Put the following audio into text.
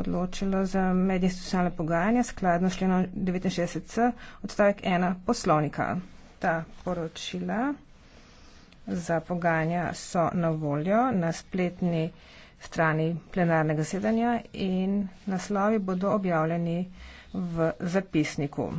odločilo za medinstitucionalne pogajanja skladno s členom 69c odstavek 1 poslovnika. Ta poročila za pogajanja so na voljo na spletni strani plenarnega sedanja in naslovi bodo objavljeni v zapisniku.